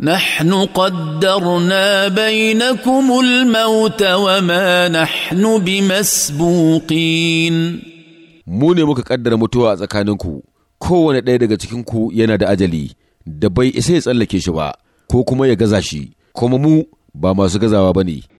نحن قدرنا بينكم الموت وما نحن بمسبوقين mu ne muka kaddara mutuwa a tsakaninku kowane ɗaya daga cikinku yana da ajali da bai isa ya tsallake shi ba ko kuma ya gaza shi kuma mu ba masu gazawa ba ne